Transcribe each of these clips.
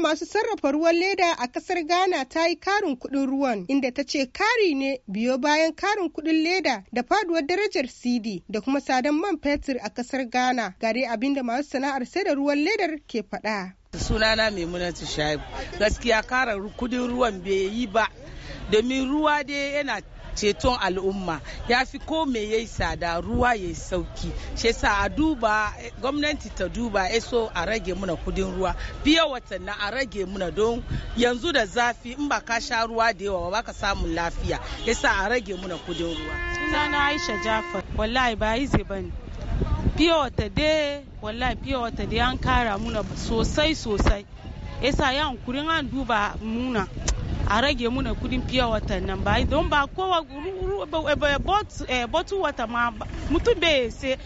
masu sarrafa ruwan leda a kasar Ghana ta yi karin kudin ruwan inda ta ce kari ne biyo bayan karin kudin leda da faduwar darajar CD da kuma sadan man fetur a kasar Ghana gare abinda masu sana'ar sai da ruwan ledar ke faɗa. Sunana Maimunatu Shaibu gaskiya kara kudin ruwan bai yi ba domin ruwa dai yana ceton al'umma ya fi kome ya yi sada ruwa ya yi sauki shi sa a duba gwamnati ta duba eso a rage muna kudin ruwa biya watanni a rage muna don yanzu da zafi in ba ka sha ruwa da yawa ba ka samun lafiya yasa a rage muna kudin ruwa sunana Aisha Jafar wallahi ba yi bane biya wata dai wallahi biya wata dai an kara muna sosai sosai yasa yan kurin an duba muna a rage muna kudin fiye watan nan ba don ba kowa eh, bottle water ma mutum bai sai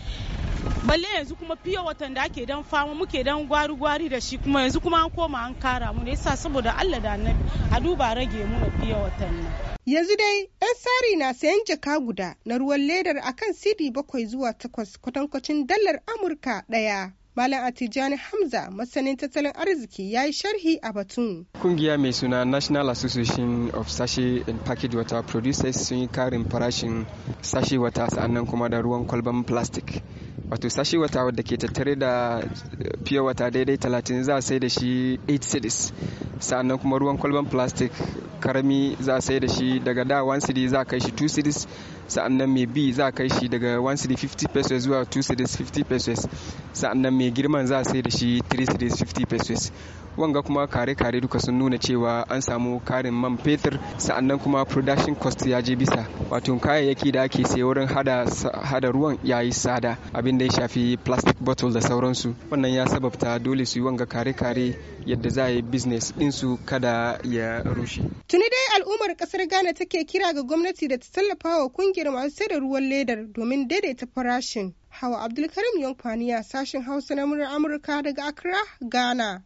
balle yanzu kuma fiye watan da ake dan fama muke dan gwari-gwari da shi kuma yanzu kuma an koma an kara mu ne yasa saboda Allah da nan a duba rage mu na fiye watan nan yanzu dai yan sari na sayan jaka guda na ruwan ledar akan sidi bakwai zuwa takwas kwatankwacin dalar amurka daya Malam Atijani Hamza masanin tattalin arziki ya yi sharhi a batun. Kungiya mai suna National Association of Sachet and Packaged Water Producers sun yi karin farashin sachet wata sa'annan kuma da ruwan kwalban plastic. Wato sachet wata wadda ke tattare da eh, pure wata daidai talatin za a sai da shi 8 cities. sa'annan kuma ruwan kwalban plastic karami za a sai da shi daga da 1 cd za a kai shi 2 cds sa'annan mai b za a kai shi daga 1 cd 50 pesos zuwa 2 cds 50 pesos sa'annan mai girman za a sai da shi 3 cds 50 pesos wanga kuma kare-kare duka sun nuna cewa an samu karin man fetur sa'annan kuma production cost ya je bisa wato kayayyaki da ake sai wurin hada ruwan yayi yi tsada abin da ya shafi plastic bottle da sauransu wannan ya sababta dole su yi wanga kare-kare yadda za a yi business ɗinsu kada ya rushe. Tuni dai al'ummar kasar Ghana take kira ga gwamnati da ta tallafa wa kungiyar masu sai da ruwan ledar domin daidaita farashin. Hawa Abdulkarim Yankwaniya sashen Hausa na murar Amurka daga Accra, Ghana.